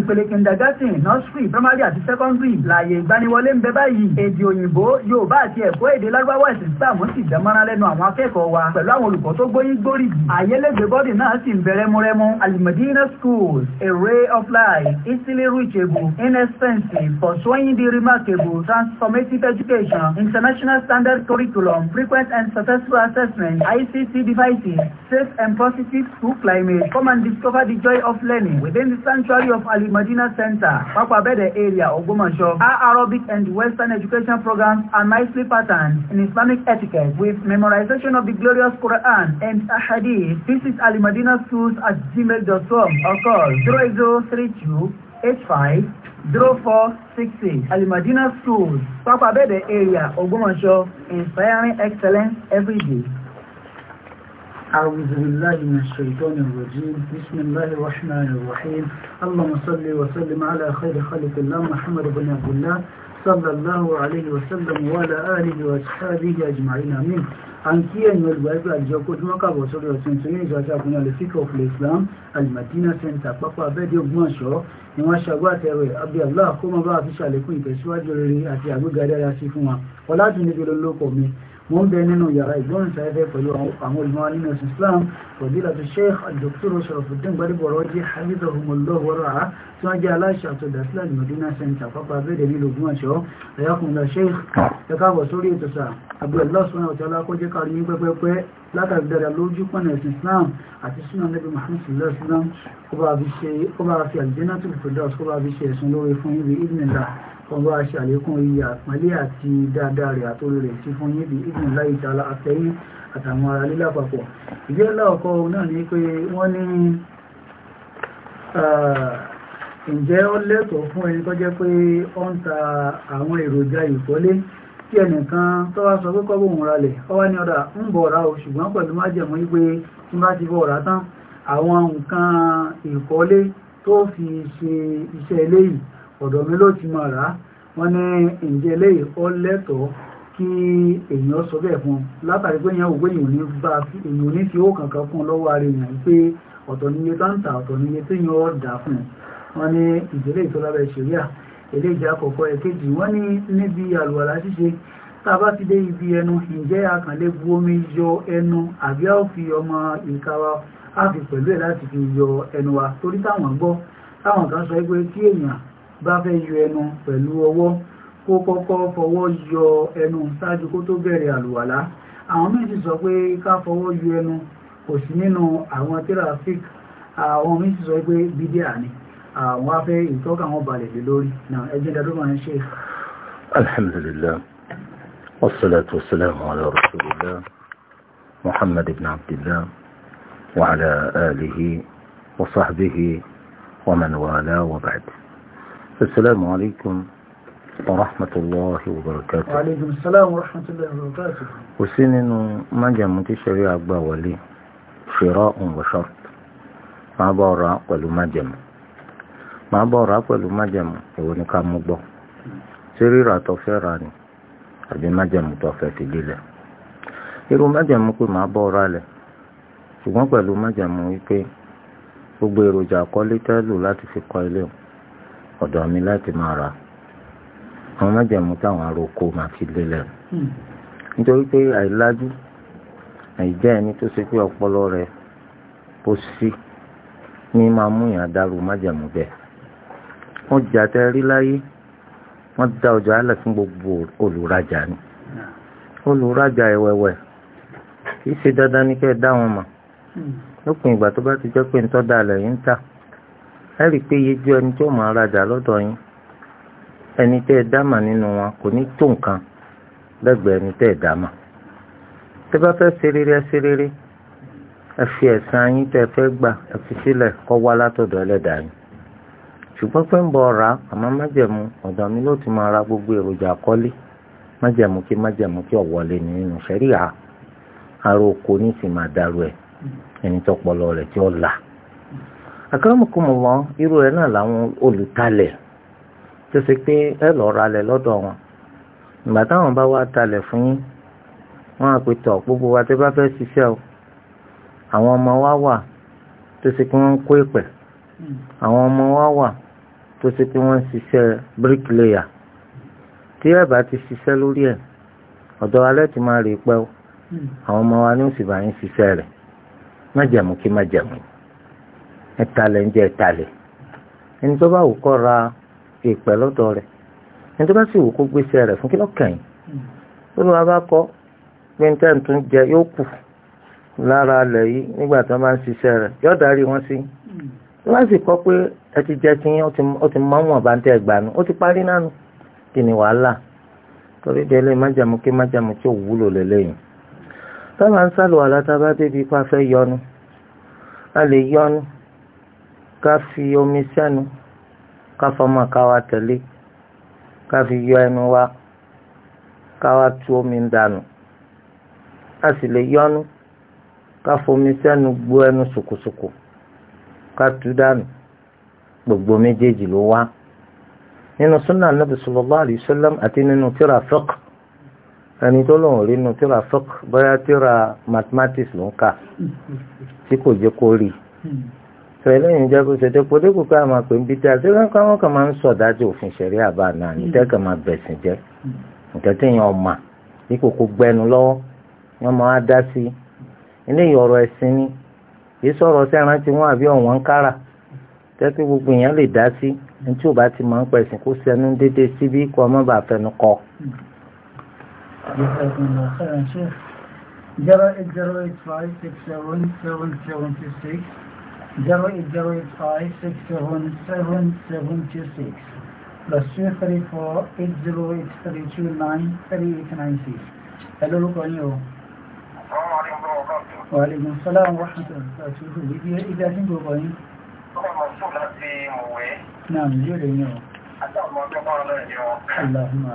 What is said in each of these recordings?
ìpele kindergarten nursery primary àti secondary láàyè ìgbaniwọlé ń bẹ báyìí èdè òyìnbó yorùbá àti ẹ̀kọ́ èdè lárúbáwá ẹ̀sìn sáàmù sì dánmọ́rán lẹ́nu àwọn akẹ́kọ̀ọ́ wa pẹ̀lú àwọn olùkọ́ tó gbóyìn gbóríyìn àyẹlẹgbẹ bọ́dì náà sì ń bẹ rẹ́múrẹ́mú alimadina schools a ray of light easily reachable inexpensive for showing the remarkable transformative education international standard curriculum frequent and successful assessment ICT devices safe and positive school climate come and discover the joy of learning within the sanctuary of ali Islamic Medina Center, Papa Bede area, Ogbomoso. Our Arabic and Western education programs are nicely patterned in Islamic etiquette with memorization of the glorious Quran and Ahadith. This is Ali Medina Schools at gmail.com or call 0032 85 0466 Ali Medina Schools, Papa Bede area, Ogbomoso, inspiring excellence every day. أعوذ بالله من الشيطان الرجيم بسم الله الرحمن الرحيم اللهم صل وسلم على خير خلق الله محمد بن عبد الله صلى الله عليه وسلم وعلى آله وأصحابه أجمعين آمين àǹkí ẹ̀yìn olùgbàgbà àjọ kó tí wọ́n kàbọ̀ sórí ọ̀tún tí ní ìjọjá àkúnyà lè fíkọ̀ fún Islam Al-Madina Center pápá abẹ́dẹ̀ Ògbómọ̀ṣọ́ ni wọ́n ṣàgbàtẹ̀ rẹ̀ abdulhá kó mọ́ bá fi ṣàlékún ìtẹ̀síwájú rere àti àgbéga dára sí fún wa ọlátùnibí lólókọ̀ mi mo ń bẹ nínú yàrá ìgbóhùnsáfẹ́ pẹ̀lú àwọn olùmọ̀ nínú ẹ̀sìn Islam fadilatu Sheikh Dr. Sharafuddin Gbadebo Raji hafizahumullah wara'a tí wọ́n jẹ́ aláṣẹ àtọ̀dásílẹ̀ Medina Center pápá abẹ́rẹ́ nílùú Ògbómọ̀ṣọ́ ẹ̀yàkùnlá Sheikh ẹ̀ka bọ̀ sórí ètò sà abdullahi sọ́nà ọ̀tí alákọ́jẹ́ kárí ní pẹ́pẹ́pẹ́ látàrí dára lójú Islam àti súnà Muhammad sallallahu alaihi wasallam kó bá fi àlùjẹ́nà tó fi fẹ́ ọba aṣàlékún iye àpọ́nlé àti dáadáa rẹ̀ àtòrí rẹ̀ ti fún yín bí ibùn láì tààlà àtẹ́yìn àtàwọn ará lílà papọ̀ ìgbé láọ̀kọ́ náà ni pé wọ́n ní ǹjẹ́ ó lẹ́tọ̀ọ́ fún ẹni tó jẹ́ pé ó ń ta àwọn èròjà ìkọ́lé tí ẹnìkan tó wá sọ pé kọ́bù òun ralẹ̀ ó wá ní ọ̀dà ń bọ̀ ọ̀rá o ṣùgbọ́n pẹ̀lú májẹ̀mú wípé tí bá ti bọ̀ ọ̀rá tán àwọn nǹkan ìkọ́lé tó fi ṣe iṣẹ́ eléyìí ọ̀dọ̀ mi ló ti máa rà wọ́n ní ǹjẹ́ eléyìí ó lẹ́tọ̀ọ́ kí èèyàn sọ bẹ́ẹ̀ fún un látàrí pé èèyàn òwe èèyàn ní bá èèyàn ò ní fi owó kankan fún un lọ́wọ́ ara èèyàn pé ọ̀tọ̀ níye tó ń tà ọ̀tọ̀ níye tí èèyàn ó dà fún un wọ́n ní ìdílé ìtọ́lábẹ́ ṣẹ̀ríà eléyìí àkọ́kọ́ ẹ̀kejì wọ́n ní níbi àlùwàlá ṣíṣe tá a bá ti dé ibi ẹnu ǹjẹ́ a bu omi yọ ẹnu àbí a ó fi ọmọ ìka wa á fi pẹ̀lú ẹ̀ láti fi yọ ẹnu wa torí táwọn gbọ́ táwọn kan sọ pé kí èèyàn bá fẹ́ yọ ẹnu pẹ̀lú ọwọ́ kó kọ́kọ́ fọwọ́ yọ ẹnu ṣáájú kó tó bẹ̀rẹ̀ àlùwàlá àwọn méjì sọ pé ká fọwọ́ yọ ẹnu kò sí nínú àwọn tírafík àwọn méjì sọ pé bídíà ni àwọn afẹ́ ìtọ́ka wọn balẹ̀ lé lórí na ẹgbẹ́ ìdádó máa ń ṣe. alhamdulillah wassalatu wassalamu ala rasulillah muhammad ibn abdillah wa alihi wa sahbihi wa man السلام عليكم ورحمة الله وبركاته وعليكم السلام ورحمة الله وبركاته وسنن ما جمعت شريع أبا ولي شراء وشرط ما بارا ولو ما جمع ما بارا ولو ما جمع ونكا مبا سريرا توفيراني أبي ما جمع توفيتي لله irú ما pé màá bọ́ ọ̀rá lẹ̀ ṣùgbọ́n pẹ̀lú májàmú wípé gbogbo èròjà àkọ́lé tẹ́lù láti fi kọ́ ọ̀dọ̀ mi láti máa ra àwọn májẹ̀mú táwọn aróko máa fi lélẹ̀ hmm. nítorí pé àìlájú àìjẹ́ ẹni tó ṣe pé ọpọlọ rẹ ó sí ní máa mú yàn dárú májẹ̀mú bẹ́ẹ̀ wọ́n jà tẹ́ rí láyé wọ́n dá ọjà alẹ̀ fún gbogbo ni hmm. olùrajà ẹ̀wẹ̀wẹ̀ kì í ṣe dandan ní kẹ́ ẹ dá wọn mọ̀ hmm. lópin ìgbà tó bá ti jẹ́ ẹ rí i pé yéjú ẹni tó máa rajà lọ́dọ̀ yín ẹni tẹ́ ẹ dámà nínú wọn kò ní tó nǹkan lẹ́gbẹ̀ẹ́ ẹni tẹ́ ẹ dámà bá fẹ́ ṣe rere ṣe rere ẹ fi ẹ̀san yín tẹ́ fẹ́ gbà ẹ fi sílẹ̀ kọ́ wá látọ̀dọ̀ ẹlẹ́dàá yín ṣùgbọ́n pé ń bọ̀ ra àmọ́ májẹ̀mú ọ̀dọ̀ mi ló ti máa ra gbogbo èròjà kọ́lé májẹ̀mú kí májẹ̀mú kí ọ̀wọ́lé ni nínú ṣẹ́ríà àrò oko ní sì máa dàrú àkàràmọ̀kùnmọ̀ wọn irú rẹ̀ náà làwọn olùtalẹ̀ tó ṣe pé ẹ lọ́ọ́ ralẹ̀ lọ́dọ̀ wọn ìgbà táwọn bá wá talẹ̀ fún yín wọn á gbogbo wa tẹ́ bá fẹ́ ṣiṣẹ́ o àwọn ọmọ wa wà tó ṣe pé wọ́n ń kó ìpẹ̀ àwọn ọmọ wa wà tó ṣe pé wọ́n ń ṣiṣẹ́ bíríkìlẹ́yà tí ẹ bá ti ṣiṣẹ́ lórí ẹ̀ ọ̀dọ̀ alẹ́ ti máa rè pẹ́ o hmm. àwọn ọmọ wa ní òsì bá yín ṣiṣẹ́ rẹ̀ májẹ̀mú kí májẹ̀mú yìí ẹ̀talẹ̀ ń jẹ́ ẹ̀talẹ̀ ẹni tó bá wù kó ra ìpẹ́ lọ́dọ̀ rẹ̀ ẹni tó bá sì wù kó gbèsè rẹ̀ fún kí lọ́kàn yìí olùwà bá kọ́ pé níta tó ń jẹ yóò kù lára alẹ̀ yìí nígbà tó máa ń ṣiṣẹ́ rẹ̀ yóò darí wọn sí wọ́n sì kọ́ pé ẹ ti jẹ tí ó ti mọ́ wọn bá ń tẹ́ ẹgbàánu ó ti parí nánu kí ni wàhálà torí délé májàmú kí májàmú tí ò wúlò lélẹ́yìn táwọn ń sálò àlátá bá débi ipá fẹ́ yọnu a lè yọnu ká fi omi sẹ́nu ká fọmọ ká wa tẹ̀lé ká fi yọ ẹnu wa ká wa tú omi dànù a sì lè yọnu ká fomi sẹ́nu gbó ẹnu sùkùsùkù ká tú dànù gbogbo méjèèjì ló wá nínú súnà nàbì sallallahu alayhi wa àti nínú tíra fiqh ẹni tó lòun rí nínú tíra fiqh bóyá tíra mathematics ló ń kà tí kò jẹ́ kó rí sọ̀rọ̀ lẹ́yìn jẹ́ kó ṣe tẹ́ podókù ká máa pè ń bí tí a ṣe wọ́n káwọn kan máa ń sọ dájú òfin ṣẹ̀rí àbá náà nìtẹ́ kan máa bẹ̀sìn jẹ́ nǹkan téèyàn ọ̀mà bí gbẹnu lọ́wọ́ wọ́n máa dá sí i eléyìí ọ̀rọ̀ ẹ̀sìn ni kì í sọ̀rọ̀ sẹ́ran tí wọ́n àbí ọ̀wọ́n ń kára tẹ́ gbogbo èèyàn lè dá sí ní tí ò bá ti máa ń pẹ̀sìn kó sẹnu dédé síbí kọ́ ọmọ bá fẹnu kọ. zero 08085677726 plus 234-808-329-3896 Hello, look on you. Wàhálẹ́gùn sálàmù wáhàntàn àti ìfòlù ibi ìdá tí ń gbogbo yìí. Ọmọ mọ̀sùn láti mọ̀wé. Náà, yóò rẹ̀ yìí ọ̀. Àtàwọn ọmọ ọjọ́ bá ọlọ́rin yọ. Àlàáfíà.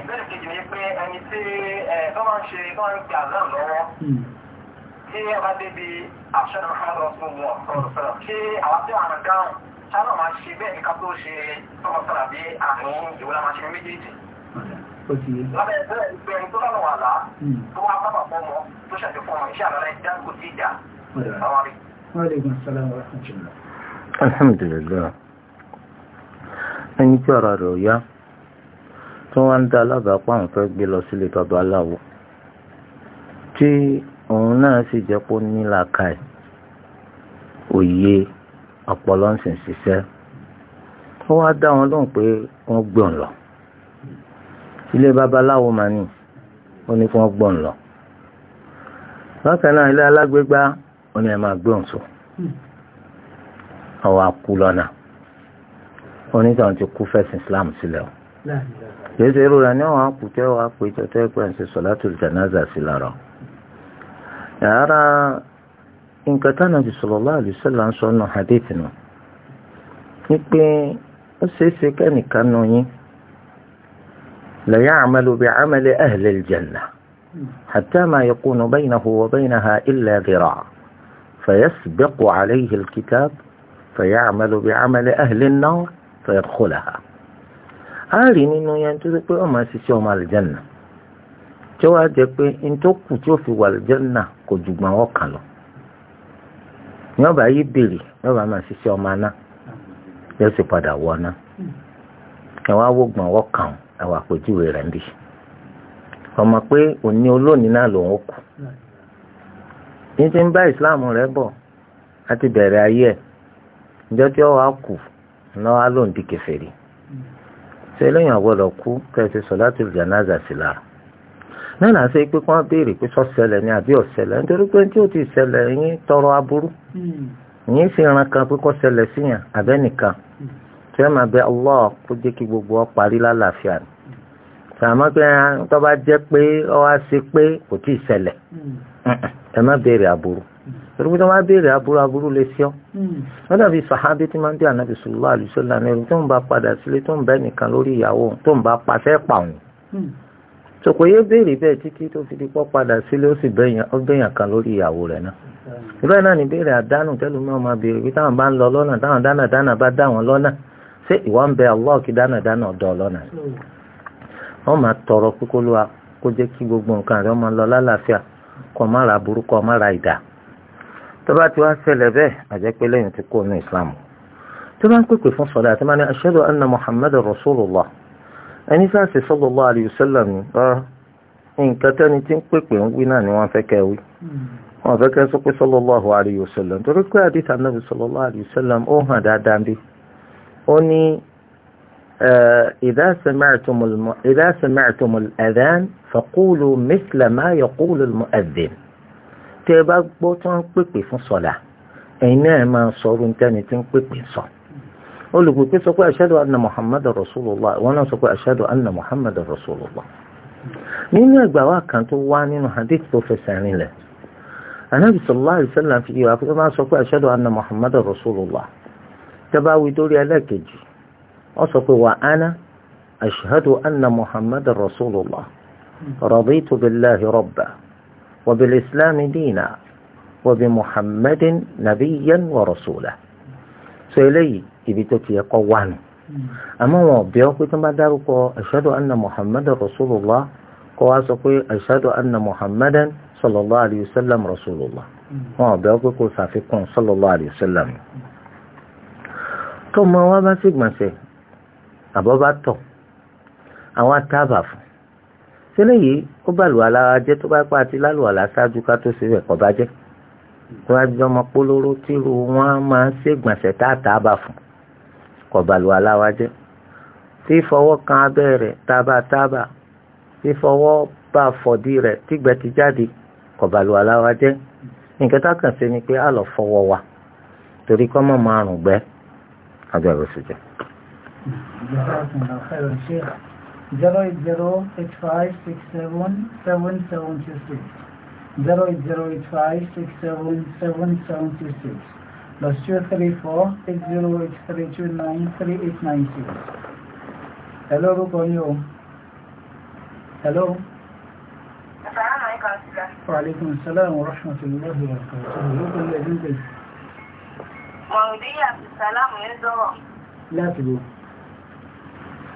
ìbéèrè kejì ni pé ẹni tí tó máa ń ṣe tó máa ń gbà náà lọ́wọ́ tí hmm. ẹ bá débi àṣẹ náà lọ́sùn wọn sọ̀rọ̀ sọ̀rọ̀ kí àwọn tí àwọn dáhùn sábà máa ṣe bẹ́ẹ̀ ní ká tó ṣe tọkọtara bí àrùn ìwòlá máa ṣe méjèèjì. lábẹ́ ìbẹ̀rẹ̀ ìgbẹ̀rin tó lọ́nà wà láà hmm. tó wá bábà fọ́ mọ́ tó ṣàjọ fún ọmọ iṣẹ́ àlọ́ rẹ̀ kò sí ìjà. alhamdulillah ẹni tí ọ̀rọ̀ rẹ̀ ò yá tí wọ́n ń dá alábàá pa àwọn fẹ́ gbé lọ sílé bàbá aláwo tí òun náà sì jẹ́ pé ó ní làákàyè òye ọpọlọ ń sìn ṣiṣẹ́ ó wá dá wọn lóhùn pé wọ́n gbọ̀n lọ ilé babaláwo mà ní ó ní kí wọ́n gbọ̀n lọ bákan náà ilé alágbègbà ó ní ẹ máa gbọ̀n sùn ọwọ́ akú lọ́nà onítàn ti kú fẹ́sìn Islam sílẹ̀ o. kìí ṣe irú rẹ̀ ní àwọn akùtẹ́ wa pé tọ́tọ́ ẹ̀pẹ́ ń ṣe sọ̀látùl jánásà sí lára yàrá nǹkan tánà bí sallallahu alaihi wasallam ń sọ nù hadith nù ní pé ó ṣeéṣe kẹ́nìkan nù yín la àmàlù bi 'amali ahli al-jannah hatta ma yakunu baynahu wa baynaha illa dhira' فيسبق عليه الكتاب فيعمل بعمل أهل النار فيدخلها á rí nínú yẹn tó ṣe pé ọmọ ṣiṣẹ́ ọmọ tí ó wá jẹ pé n tó kù tí ó fi wà àlùjánnà kò jùgbọ́n ọkàn lọ ní ọba yìí bèrè ní máa ṣiṣẹ́ ọmọ aná yóò sì padà wọ ẹ wá ọkàn ẹ wà pèjúwe rẹ̀ ń ọmọ pé òní olónìí náà lòun ó kù ní ti ń bá ìsìláàmù bọ̀ bẹ̀rẹ̀ ayé ẹ̀ tí ṣe lẹ́yìn àgbọ̀dọ̀ kú kẹsì sọ̀látù jànáza sí la náà náà ṣe pé kí wọ́n béèrè pé sọ́sẹ̀lẹ̀ ni àbí ọ̀sẹ̀lẹ̀ nítorí pé tí ó ti ṣẹlẹ̀ yín tọrọ aburú hmm. yín sì ran kan pé kọ́ ṣẹlẹ̀ síyàn àbẹ́nìkan tí hmm. wọ́n máa bẹ Allah kó jẹ́ kí gbogbo ọ parí lálàáfíà ni sàmọ́ hmm. pé tó bá jẹ́ pé ọ wá sí pé kò tí ì ṣẹlẹ̀ ẹ má béèrè aburú. torí pé wọ́n á béèrè aburú aburú lè ṣe ọ́ hmm. wọ́n dàbí sàhábí tí máa ń bí ànábì sallallahu alaihi wasallam ẹ̀rù tó ń bá padà sílé tó ń bẹ́ nìkan lórí ìyàwó tó ń bá pàṣẹ hmm. yé béèrè bẹ́ẹ̀ títí tó fi padà sílé ó sì bẹ́yàn kan lórí ìyàwó rẹ̀ náà náà béèrè àdánù béèrè táwọn bá tó bá ti wá ṣẹlẹ̀ bẹ́ẹ̀ àjẹpẹ́ lẹ́yìn tí kò ní ìsìlámù tó bá ń pèpè fún sọ̀dá àti máa ní ashhadu anna muhammadan rasulullah ẹni sáà sì sallallahu alayhi wa sallam ni rárá nǹkan tẹ́ni tí ń pèpè ń wí náà ni wọ́n fẹ́ kẹ́ wí wọ́n fẹ́ kẹ́ sọ pé sallallahu alayhi wa sallam torí pé àdìsá nàbì sallallahu alayhi wa sallam ó hàn dáadáa bí ó ní idha sami'tumul idha sami'tumul adhan tẹ́ ẹ bá gbọ́ tí wọ́n ń pèpè fún sọ̀là ẹ̀yin náà máa sọ ọdún tẹ́ni tí ń pèpè sọ. olùpèpè sọ pé ashadu anna muhammad rasulullah wọn náà sọ pé ashadu anna muhammad rasulullah. nínú ẹgbàá wa kan tó wá nínú hadith tó fẹsẹ̀ rinlẹ̀ anabi sallallahu alayhi wa sallam fi ìwà pé máa sọ pé ashadu anna muhammad rasulullah tẹ́bá wí dórí ẹlẹ́ẹ̀kejì ó sọ pé wa ana ashadu anna muhammad rasulullah raditu billahi rabba. وبالإسلام دينا وبمحمد نبيا ورسولا سيلي إبتتي قوان أما هو بيوكي تما أشهد أن محمد رسول الله قواسكي أشهد أن محمدا صلى الله عليه وسلم رسول الله هو بيوكي كو سافقون صلى الله عليه وسلم ثم هو بسيق مسيح أبو باتو أو أتابع فيه sílẹ̀ yìí ó bá lùwà lára jẹ́ tó bá pa àti lálùwà láṣáájú ká tó ṣe rẹ̀ kọ́ bá jẹ́ tó bá jẹ́ ọmọ polówó tí ru wọn máa ń ṣègbọ̀nsẹ̀ táàtà bá fún kọ́ bá lùwà lára jẹ́ tí fọwọ́ kan abẹ́ rẹ̀ tábàtábà tí fọwọ́ bá fọ̀dí rẹ̀ tígbẹ́ ti jáde kọ́ bá lùwà lára jẹ́ nǹkan tá kàn ṣe ni pé a lọ fọwọ́ wa torí kọ́ mọ̀ márùn-ún gbẹ́ abẹ́rẹ́ ṣùjẹ́. zero eight zero eight five six seven seven seven two six zero eight zero eight five six seven seven seven two six plus two three four eight zero eight three two nine three eight nine six. Hello, orúkọ yín o. Hello. Wàlékún sálàmù rahmatullahi wa barakatuhu. Yóò kún lè dín pè. Mọ̀mídé Abdulsalam ń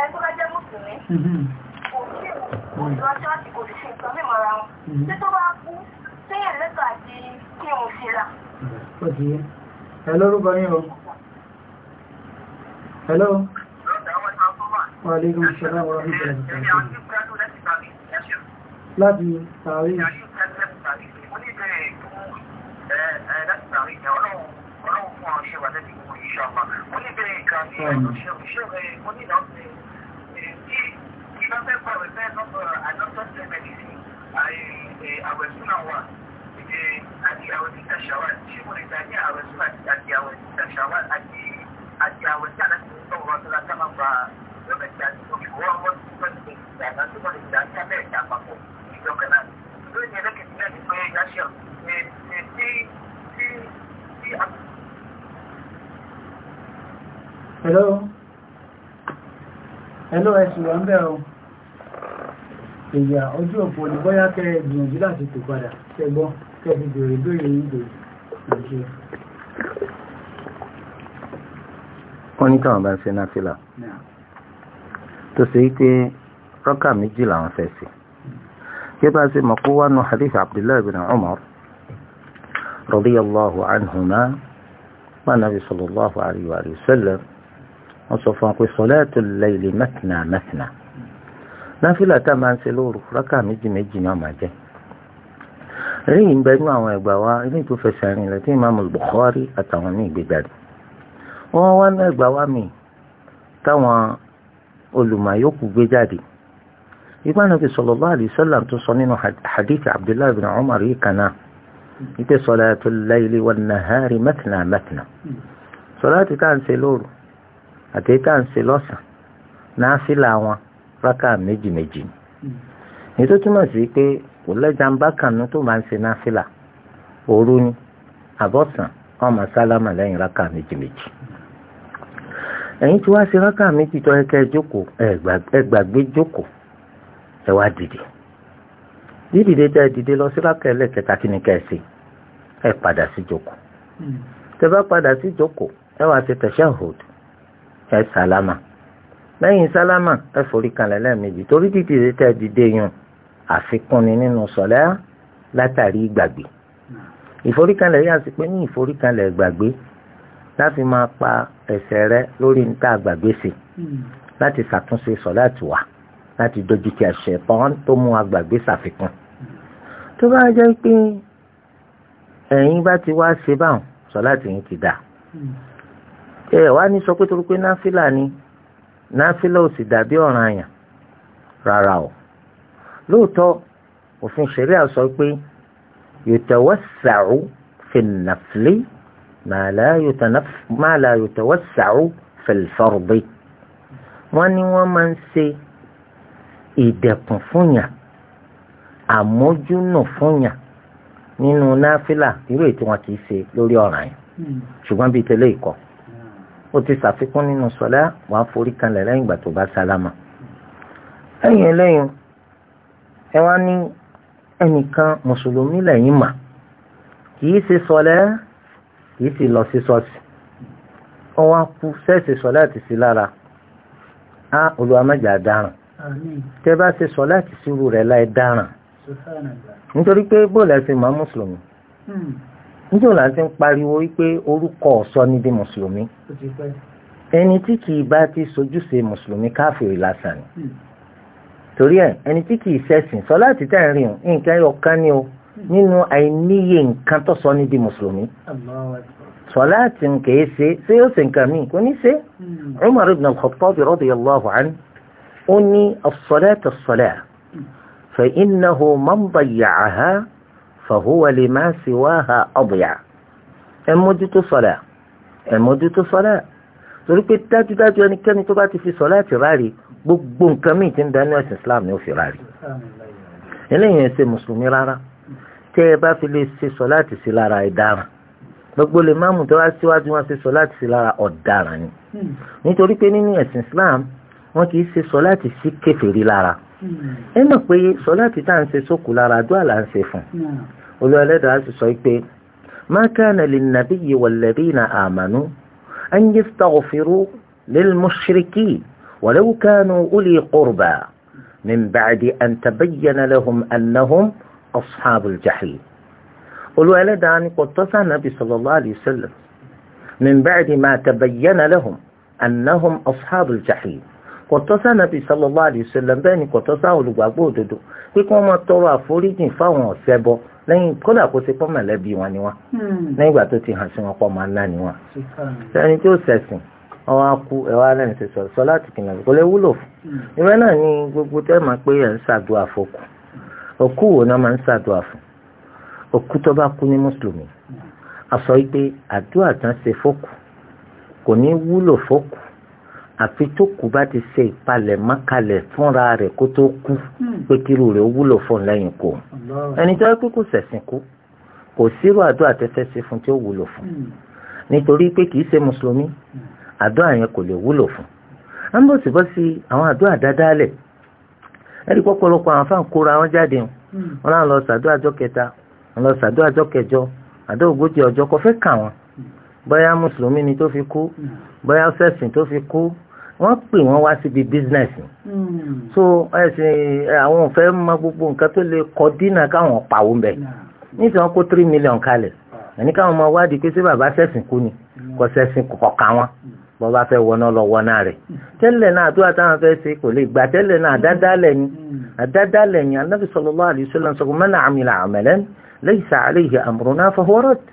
ẹni tó bá jẹ́ mùsùlùmí mhm. kò sí lọ ṣọ́ọ̀ṣì kò sí nǹkan mímọ́ ara wọn tí mhm. tó bá kú séyìn lẹ́tọ̀ àti kí o. hello. wa aleykum salaam wa rahmatullahi wa barakatuh. láti sàárè. láti sàárè ọlọ́run entonces por ustedes por a nosotros me dicen hay a persona wa que aquí a veces shawal si por italia a veces aquí a veces shawal aquí aquí a veces la como va la cama va yo me siento como como como que está dando por italia me está papo y yo que nada yo tiene que tener que ser nación eh eh sí sí sí Hello. Hello, ẹ̀sùn wọ́n bẹ̀rẹ̀ o èyà ojú ọ̀pọ̀ ní bọ́yá kẹ́ gbìyànjú láti kò padà tẹ́gbọ́n kẹ́ fi bèèrè bèèrè ìgbè ìṣẹ́ wọ́n ní káwọn bá ń ṣe náfìlà tó ṣe pé rọ́kà méjì làwọn fẹ́ sí kí bá ṣe mọ̀ kó wánú hadith abdullahi bin umar radiyallahu anhuma wa nabi sallallahu alayhi wa sallam wọ́n sọ fún wa pé salatul layli matna matna náfìlà tá a máa ń ṣe lóru rákà méjì méjì náà máa jẹ́ eléyìí ń bẹ nínú àwọn ẹgbà wa eléyìí tó fẹsẹ̀ rìn lọ tí ìmáàmù Bukhari àtàwọn míì gbé jáde wọ́n wá ní ẹgbà wa míì táwọn olùmọ̀yókù gbé jáde ìgbà náà fi sallallahu alaihi wasallam tó sọ nínú hadith Abdullahi bin Umar yìí kan náà ìpè salatul layli wan nahari matna matna sọlá ti tá à ń ṣe lóru àti tá à ń ṣe lọ́sàn náà fi làwọn. rákà méjì méjì tó túmọ̀ sí pé kò lẹ́jà kànú tó máa ń ni ọmọ sálámà lẹ́yìn rákà méjì ẹ̀yin tí wá ṣe rákà méjì tó yẹ jókòó jókòó ẹ wá dìde dídìde lọ sí rákà ẹlẹ́kẹta kí ni ẹ padà sí jókòó hmm. bá padà sí jókòó ẹ lẹ́yìn sálámà ẹ forí kalẹ̀ lẹ́ẹ̀mejì torí títí tẹ́ dìde yun àfikún ni nínú sọ̀lẹ́ látàrí ìgbàgbé ìforíkalẹ̀ yà sí pé ní ìforíkalẹ̀ ìgbàgbé láti máa pa ẹ̀ṣẹ̀ rẹ lórí níta àgbàgbé sí láti ṣàtúnṣe sọ̀lá tiwa láti dojú ti àṣẹ pọ́n tó mú àgbàgbé ṣàfikún tó bá jẹ́ pé ẹ̀yin bá ti wá ṣe báwọn sọ̀lá tìyín ti dà ẹ̀ wá ní sọ pé torí pé náfìlà ni náfìlà ò sì dàbí ọ̀ràn àyàn rárá o lóòótọ́ òfin ṣẹ̀ríà sọ pé yòtẹ̀wọ́sàrú fìnnàfìlì máa la yòtẹ̀wọ́sàrú fìlfọ́rùbí wọ́n ní wọ́n máa ń ṣe ìdẹ̀kùn fúnyà àmójúnù fúnyà nínú náfìlà irú ètò wọn kì í ṣe lórí ọ̀ràn yẹn hmm. ṣùgbọ́n bíi tẹ́lẹ̀ ìkọ́ ó ti ṣàfikún nínú sọlá wàá forí kanlẹ̀ lẹ́yìn ìgbà tó bá sálámà lẹ́yìn ẹlẹ́yìn ẹ wá ní ẹnìkan mùsùlùmí lẹ́yìn mà kìí ṣe sọlá kìí sì lọ sí ṣọ́ọ̀ṣì ó wá kú sẹ́ẹ̀sì sọlá ti sí lára á olúwa dáràn tẹ́ bá ṣe sọlá ti sírù rẹ̀ láì dáràn nítorí pé bóòlù ẹ̀sìn máa mùsùlùmí hmm níjọ́ là ń ti ń pariwo wípé orúkọ ọ̀sọ́ ni di mùsùlùmí ẹni tí kì í bá ti sojúṣe mùsùlùmí káfíìrì lásán ni hmm. torí ẹ ẹni tí kì í ṣẹ̀sìn sọ láti tẹ̀ ń rìn nǹkan ọ̀kan ni o hmm. nínú àìníye nǹkan tó sọ ní di mùsùlùmí sọ láti nǹkan yìí ṣe ṣé ó sì nǹkan míì kò ní ṣe hmm. Umar ibn al-Khattab radiyallahu anhu ó ní as-salatu as-salah fa فهو لما سواها أضيع ẹmójútó sọlá ẹmójútó sọlá torí pé dájúdájú ẹnikẹ́ni tó bá ti fi sọlá ti ráre gbogbo nǹkan míì ti ń dání ẹ̀sìn Islam ni ó fi ráre eléyìí ẹsẹ mùsùlùmí rárá tẹ ẹ bá fi lè ṣe sọlá ti sí lára ẹ̀dára gbogbo lè máàmù tó wá síwájú wọn ṣe sọlá ti sí lára ọ̀daràn ni nítorí pé nínú ẹ̀sìn Islam wọn kì í ṣe sọlá ti sí kèfèrí lára ẹ mọ̀ pé sọlá ti tá à ń ṣe sókù lára àdúrà là ń ṣe fún un olú ẹlẹ́dàá sì sọ pé ma kana linnabiyyi walladhina amanu an yastaghfiru lilmushrikin walau kanu uli qurba min ba'di an tabayyana lahum annahum ashabul jahim olú ẹlẹ́dàá ni kò tọ́ sáà nàbì sallallahu alayhi wa sallam من بعد ما تبين لهم أنهم أصحاب الجحيم kọ̀tọ́sá nàbì sallallahu alaihi wasallam bẹ́ẹ̀ ni kọ̀tọ́sá olùgbàgbọ́ òdodo pé kí wọ́n máa tọrọ àforíjì fáwọn ọ̀ṣẹbọ lẹ́yìn kódà kó ti pọ́ mọ̀lẹ́bí wọn ni wọn hmm. lẹ́yìn ìgbà tó ti hàn sí wọn pọ́ máa ń ná ni wọn. ẹni tí ó sẹ̀sìn ọwọ́ akú ẹ̀wọ́ alẹ́ ní sẹ̀sọ̀ sọ láti kìnnà kò lè wúlò fún. Hmm. ìrẹ́ náà ni gbogbo tẹ́ máa pé ẹ̀ ń ṣàdúrà fòkù òkú wo náà máa ń ṣàdúrà fún òkú tó bá kú ní mùsùlùmí àsọ pé àdúrà tán ṣe fòkù kò ní wúlò fòkù àfi tó kù bá ti ṣe ìpalẹ̀ mọ́kalẹ̀ fúnra rẹ̀ kó tó kú hmm. pé kírú ẹni tó kú kò ṣẹ̀sìn kú kò sírò àdúrà tẹ́fẹ́ sí fún tí ó wúlò fún hmm. nítorí pé kìí ṣe mùsùlùmí hmm. àdúrà yẹn kò lè wúlò fún a ń bọ̀ síbọ̀ sí àwọn àdúrà dáadáalẹ̀ ẹ̀rí pọ̀pọ̀lọpọ̀ àwọn afáàn kóra wọn jáde hmm. wọn láwọn lọ sàdúrà ọjọ́ kẹta wọn lọ sàdúrà ọjọ́ kẹjọ àdó ogójì ọjọ́ kò kà wọn bóyá mùsùlùmí ni tó fi kú bóyá ṣẹ̀sìn tó fi kú wọ́n pè wọ́n wá síbi business hmm. so ẹ̀sìn àwọn òfẹ́ mọ gbogbo nǹkan tó lè kọ dínà káwọn pàwọ́ mbẹ̀ hmm. nítorí wọn kó three million kalẹ̀ hmm. ẹni káwọn máa wádìí pé ṣé bàbá ṣẹ̀sìn kú ni kò ṣẹ̀sìn kọ̀ọ̀ka wọn bọ́ bá fẹ́ wọná lọ wọná rẹ̀ tẹ́lẹ̀ náà àdúrà táwọn fẹ́ ṣe kò lè gbà tẹ́lẹ̀ náà àdádálẹ̀ ni àdádálẹ̀ ni anábì sallallahu alaihi wasallam man amila amalan laysa alayhi amruna fahuwa radd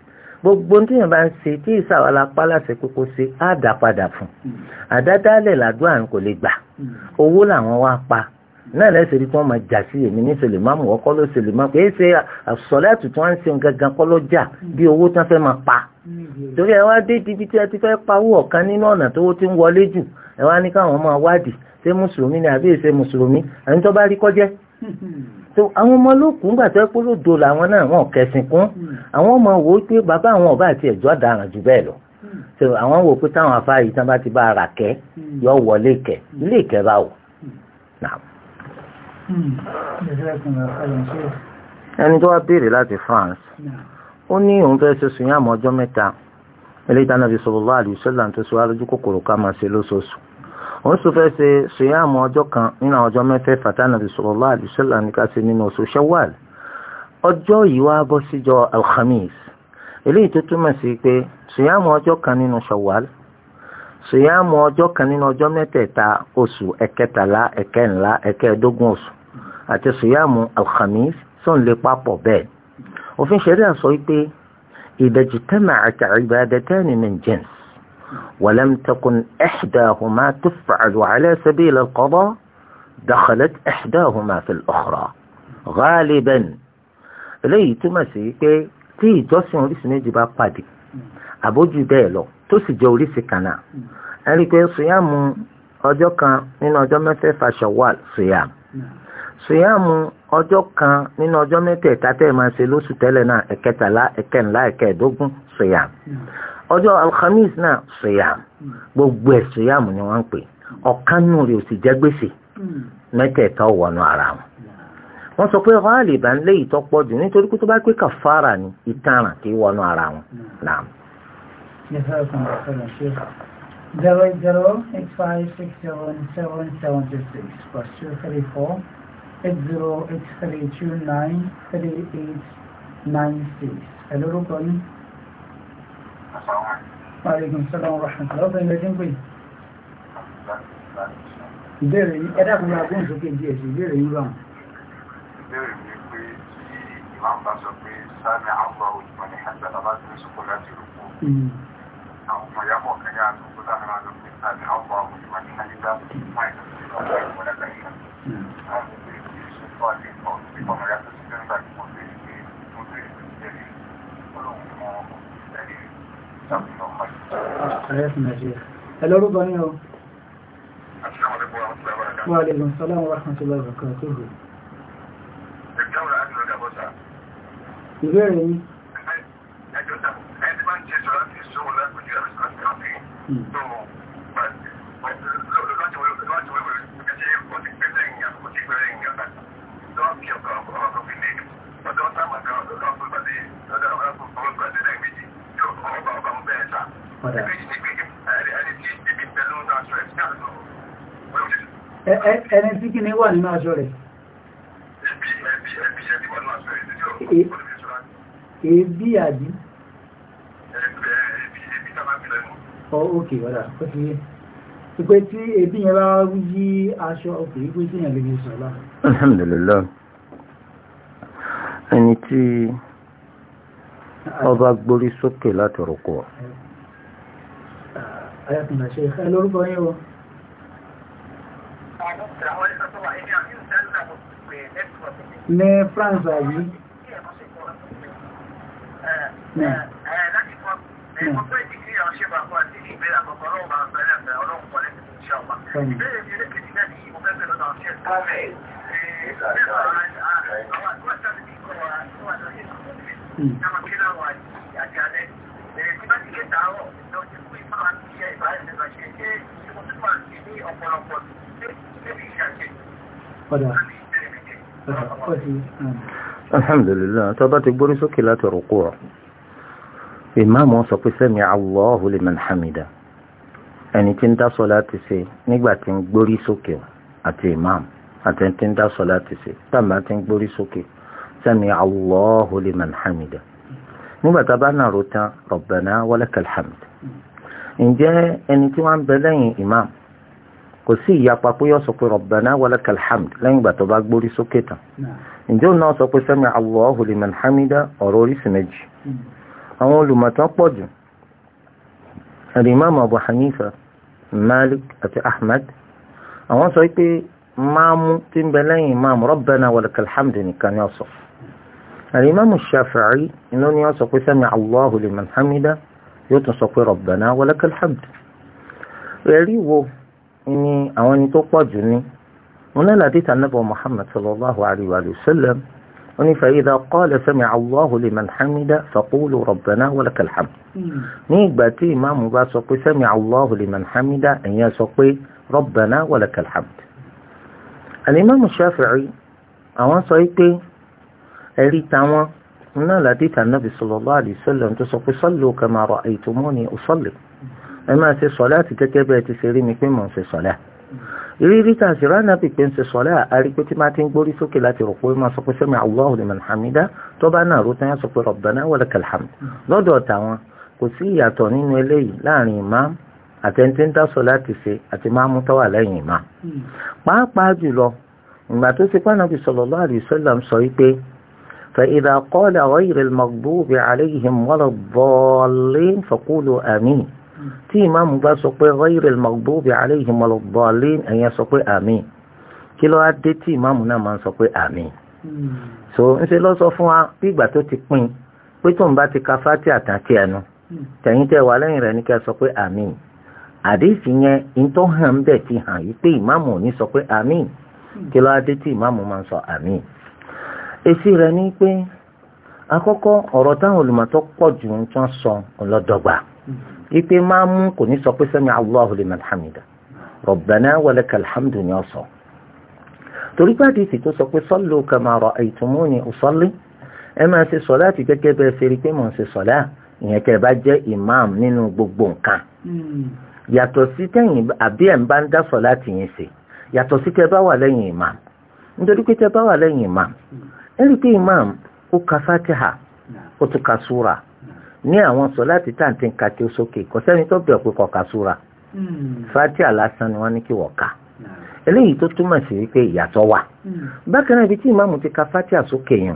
gbogbo tíyàn bá ń ṣe tí ìsàwọlá pálàṣẹ kókó ṣe á dá padà fún hmm. àdádálẹ̀ làdúrà ń kò lè gbà hmm. owó làwọn wá pa náà lẹ́sẹ̀ rí kí wọ́n máa jà sí èmi ní sèlémàmù ọkọ ló sèlémàmù kì í ṣe àsọ̀lá tuntun wá ń ṣe gangan kọ́ ló jà bí owó tán fẹ́ máa pa hmm. torí ẹ wá dé ibi tí ẹ ti fẹ́ pawó ọ̀kan nínú ọ̀nà tó ti ń wọlé jù ẹ wá ní káwọn máa wádìí ṣé mùsùlùmí ni àbí èsè mùsùlùmí àyíntọ́ bá rí kọ́jẹ́ so àwọn ọmọ olókùn gbà tó pé lódo làwọn náà wọn kẹsìn kún hmm. àwọn ọmọ wò ó pé bàbá àwọn ọba àti ẹjọ́ ọ̀daràn jù bẹ́ẹ̀ lọ hmm. so àwọn wò pé táwọn afáàyè tán bá ti bá ara kẹ hmm. yọ wọlé kẹ ilé kẹ bá wò. ẹni tó wá béèrè láti France ó ní òun fẹ́ ṣe sùn yá àmọ́ ọjọ́ mẹ́ta eléyìí tánàbí sallallahu alaihi wasallam tó ṣe wá lójú kòkòrò ká máa ṣe lóṣooṣù wọ́n sì fẹ́ ṣe ṣìyàmù ọjọ́ kan nínú àwọn ọjọ́ mẹ́fẹ́ fatanabi sallallahu alaihi wasallam ní ká ṣe nínú oṣù Shawwal ọjọ́ yìí wá bọ́ síjọ́ alhamis eléyìí tó túmọ̀ sí pé ṣìyàmù ọjọ́ kan nínú Shawwal ṣìyàmù ọjọ́ kan nínú ọjọ́ mẹ́tẹ̀ẹ̀ta oṣù ẹ̀kẹtàlá ẹ̀kẹńlá ẹ̀kẹẹ̀dógún oṣù àti ṣìyàmù alhamis tó òfin ṣẹ̀ríà sọ wípé ìdajì tẹ́mà àti ìbádàtẹ́ni min jins ولم تكن إحداهما تفعل على سبيل القضاء دخلت إحداهما في الأخرى غالبا eléyìí túmọ̀ sí pé tí ìjọsìn oríṣi méjì bá pàdé àbójú bẹ́ẹ̀ lọ tó sì jẹ́ oríṣi kan náà ẹ rí i pé sùyàmù ọjọ́ kan nínú ọjọ́ mẹ́fẹ̀ẹ̀fà Shawwal sùyàmù sùyàmù ọjọ́ kan nínú ọjọ́ mẹ́tẹ̀ẹ̀ta tẹ́ ẹ máa ṣe lóṣù tẹ́lẹ̀ náà ẹ̀kẹtàlá ẹ̀kẹńlá ẹ̀kẹẹ̀dógún sùyàmù ọjọ́ alhamis náà sọ̀yàm gbogbo ẹ̀ sọ̀yàm ni wọ́n ń pè ọ̀kan nù rẹ̀ ò sì jẹ́ gbèsè mẹ́tẹ̀ẹ̀ta wọnú ara wọn. wọ́n sọ pé ọ̀hálìbá ń lé ìtọ́pọ̀ jù nítorí pé tó bá pé kàfàrà ni ìtaràn kì í wọnú ara wọn. Zero eight zero eight five six seven seven seven two six plus two three four eight zero eight three two nine three eight nine six. Hello, Rukoni. Ìbéèrè yìí, ẹ̀dá kùnrin agbóhùn sókè díẹ̀ sí ìbéèrè yìí rọrùn. Ìbéèrè yìí pé tí ìmáà bá sọ pé sáàmì àwọn òjìmọ̀ ní àjọ́ta bá ti sọ́kọ́ láti rúkú. Àwọn ọmọ yàmọ̀ kẹrẹ àtúkú láti máa lọ pé sáàmì hmm. àwọn òjìmọ̀ ní àjọ́ta máa ìtọ́jú ọgbà ìwọ̀n lágbàáyà. Àwọn ìbéèrè yìí sọ́kọ́ àti ìfọ̀ حياتنا يا شيخ هل أرد أن يرى السلام عليكم ورحمة الله وبركاته وعليكم السلام ورحمة الله وبركاته الدولة أدنى الأبوسة ìbéèrè yìí ẹjọ́ tàbí ẹni máa ń ṣe sọ́rọ̀ Ọ̀dà. Ẹni tí kí ni wà nínú aṣọ rẹ̀? Èébì àjí. Ọ̀ òkè ọ̀dà, ó ti yé. Ìpé tí èébì yẹn bá yí aṣọ òkè ìpé tí yẹn lè fi lá Alhamdulillah. Ẹni tí ọba gborí sókè láti rùkọ̀ ayatollah ṣe ẹ lórúkọ yín o. ní France àbí. Ìbéèrè mi lékèjì náà ni mo fẹ́ fẹ́ lọ́dọ̀ ṣe ń bá mẹ́ àwọn àgbà sábẹ́ ní kọ́ wa tó wà lórí ìlú. Ní àwọn kí láwọn àti àjálẹ́. Tí bá ti ké tààrọ̀ lọ́jọ́ máa ń ṣe ìbáraẹnisọ̀ṣe ṣé ṣé mo tún máa ń ṣe ní ọ̀pọ̀lọpọ̀ ṣé bí ìṣàṣe. Ọ̀dà alhamdulillah tó bá ti gbórí sókè láti rùkú ọ̀ ìmáàmù sọ pé sẹ́mi Allahu liman hamida ẹni tí ń dá sọlá ṣe nígbà tí ń gbórí sókè àti ìmáàmù àti ẹni tí ń dá sọlá ṣe tàbí tí ń gbórí sókè sẹ́mi Allahu liman hamida nígbà tá a bá tán rabbana walakal hamd ǹjẹ́ ẹni tí wọ́n ń bẹ lẹ́yìn imam kò sí ìyapa pé yọ sọ pé rabbana walakal hamd lẹ́yìn ìgbà tó bá gbórí sókè tán ǹjẹ́ òun náà sọ pé sami'a Allahu liman hamida ọ̀rọ̀ oríṣi méjì hmm. àwọn olùmọ̀tán pọ̀ jù alimami abu hanifa malik àti ahmed àwọn sọ pé máàmù tí ń bẹ lẹ́yìn imam rabbana walakal hamd nìkan ni ó sọ alimami shafi'i ló ní ó sọ pé sami'a Allahu liman hamida yóò tún sọ pé rabbana walakal hamd ẹ̀rí wo ni àwọn ẹni tó pọ̀ jù ní onílàdí tànàbọ̀ Muhammad sallallahu alayhi wa sallam oní fa'idha qala sami'a Allahu liman hamida faqulu rabbana walakal hamd hmm. ní ìgbà tí ìmáàmù bá sọ pé sami'a Allahu liman hamida ẹ̀yẹn sọ pé rabbana walakal hamd al-Imam Shafi'i àwọn sọ pé ẹ̀rí táwọn náà làdíkà nàbì sallallahu alaihi wasallam tó sọ pé sallu kama ra'aytumuni usalli ẹ máa ṣe sọlá àti gẹ́gẹ́ bẹ́ẹ̀ ti ṣe rí mi pé mò ń ṣe sọlá ìrírí tá a sì rán nàbì pé ń ṣe sọlá àrí pé tí máa ti ń gbórí sókè láti rò pé máa sọ pé sami Allahu liman hamida tó bá náà rótán yá sọ pé rabbana walakal hamd lọ́dọ̀ tàwọn kò sí ìyàtọ̀ nínú eléyìí láàrin imam àtẹ̀ntẹ́ntà sọ láti ṣe àti máa mú tọ́wà lẹ́yìn imam pàápàá jùlọ ìgbà tó ti pànàbì sallallahu alaihi wasallam sọ wípé فإذا قال غير المغضوب عليهم ولا الضالين فقولوا آمين tí ìmáàmù bá غير المغضوب عليهم ولا الضالين ẹ̀yẹn sọ pé àmín kí ló á tí ìmáàmù náà máa ń sọ pé àmín so ń ṣe lọ sọ fún wa bí ìgbà tó ti pín pé tóun bá ti ka fátì àtàtì ẹnu mm. tẹ̀yìn tẹ̀ wà lẹ́yìn rẹ̀ ní kẹ́ sọ pé àmín àdéhìsì yẹn ń hàn bẹ̀ ti hàn yí pé ìmáàmù ò ní sọ pé àmín mm. kí ló tí ìmáàmù máa ń sọ àmín èsì rẹ̀ ní pé àkọ́kọ́ ọ̀rọ̀ táwọn olùmọ̀tọ́ pọ̀ jù ń tán sọ ọlọ́dọ̀gba ipe máa mú kò ní sọ pé sami Allahu liman hamida rabbana walakal hamdu ni ó sọ torí pàdé sì tó sọ pé sallu kama ra'aytumuni usalli ẹ máa ṣe sọlá àti gẹ́gẹ́ bẹ́ẹ̀ ṣe rí pé mò ń ṣe sọlá ìyẹn tẹ́ bá jẹ́ imam nínú gbogbo nǹkan hmm. yàtọ̀ sí tẹ̀yìn àbí ẹ̀ ń bá ń dá sọlá tìyẹn ṣe yàtọ̀ sí tẹ́ bá wà lẹ́yìn imam nítorí pé tẹ́ bá wà lẹ́yìn imam hmm. ẹ̀rí imam ó ka fatia ó tún ka ní àwọn sọ láti tàǹtí ka sókè kò tó bẹ̀ pé kò ka súra hmm. fatiha ni wọ́n ní kí wọ́n ka eléyìí tó túmọ̀ sí wípé hmm. ibi tí imam ti ka fatia sókè yẹn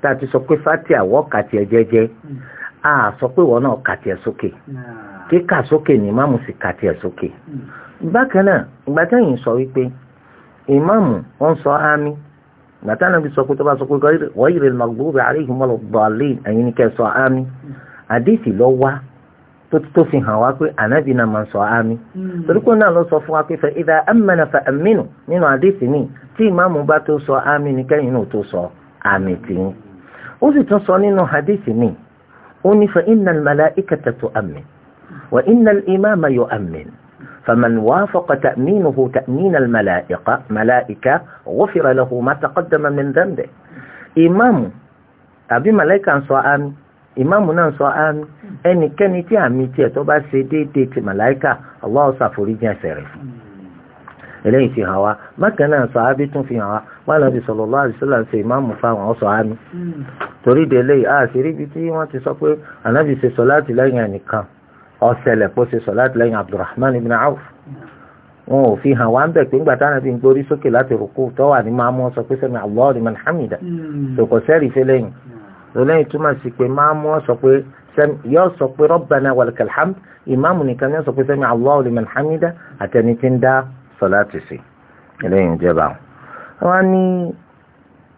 tá a ti sọ pé fatiha wọ́n kà tiẹ̀ jẹ́jẹ́ hmm. a sọ pé wọ́n náà kà tiẹ̀ sókè kíkà sókè ni imam sì kà tiẹ̀ sókè bákan náà ìgbà sọ wípé imam wọ́n sọ gbàtà nàbí sọ pé tó bá sọ pé wọ́yìrì magbubi àríyìn wọ́n lọ bọ̀ọ̀lì ẹ̀yin ni kẹ́ sọ àmì àdéhìí lọ wá tó fi hàn wá pé ànábì náà máa sọ àmì hmm. torí pé náà lọ sọ fún wa pé fẹ ìdá amẹ́nà fẹ ẹ̀mínú nínú àdéhìí ni tí ìmáàmù bá tó sọ àmì ni kẹ́yìn náà tó sọ àmì tìyín ó sì tún sọ nínú àdéhìí ni ó ní fẹ ìnà màláìkà àmì wà ìnà فمن وافق تأمينه تأمين الملائكة ملائكة غفر له ما تقدم من ذنبه إمام أبي ملائكة سؤال إمام نان سؤال أني كنتي أميتي أتوبا سيدي ديت ملائكة الله سافرين سيرف إليه في هوا ما كان صحابي في هوا والنبي صلى الله عليه وسلم في إمام مفاهم أو تريد إليه آه بيتي وانتي صحابي النبي سي صلاة لا يعني كام ọ̀sẹ̀lẹ̀ kó ṣe sọ̀láàtì lẹ́yìn Abdurrahman ibn Auf wọn ò fi hàn wá ń bẹ̀ pé ńgbà táwọn ẹbí ń gbórí sókè láti rúkú tó wà ní máàmú sọ pé sẹ́mi Allahu liman hamida hmm. sòkò sẹ́rì fẹ́ lẹ́yìn lọ́lẹ́yìn túmọ̀ sí pé máàmú sọ pé yóò sọ pé rabbana walakal hamd ìmáàmù nìkan yóò sọ pé sẹ́mi Allahu liman hamida àtẹni tí ń dá sọ̀láàtì sí ẹlẹ́yìn jẹba wọn ní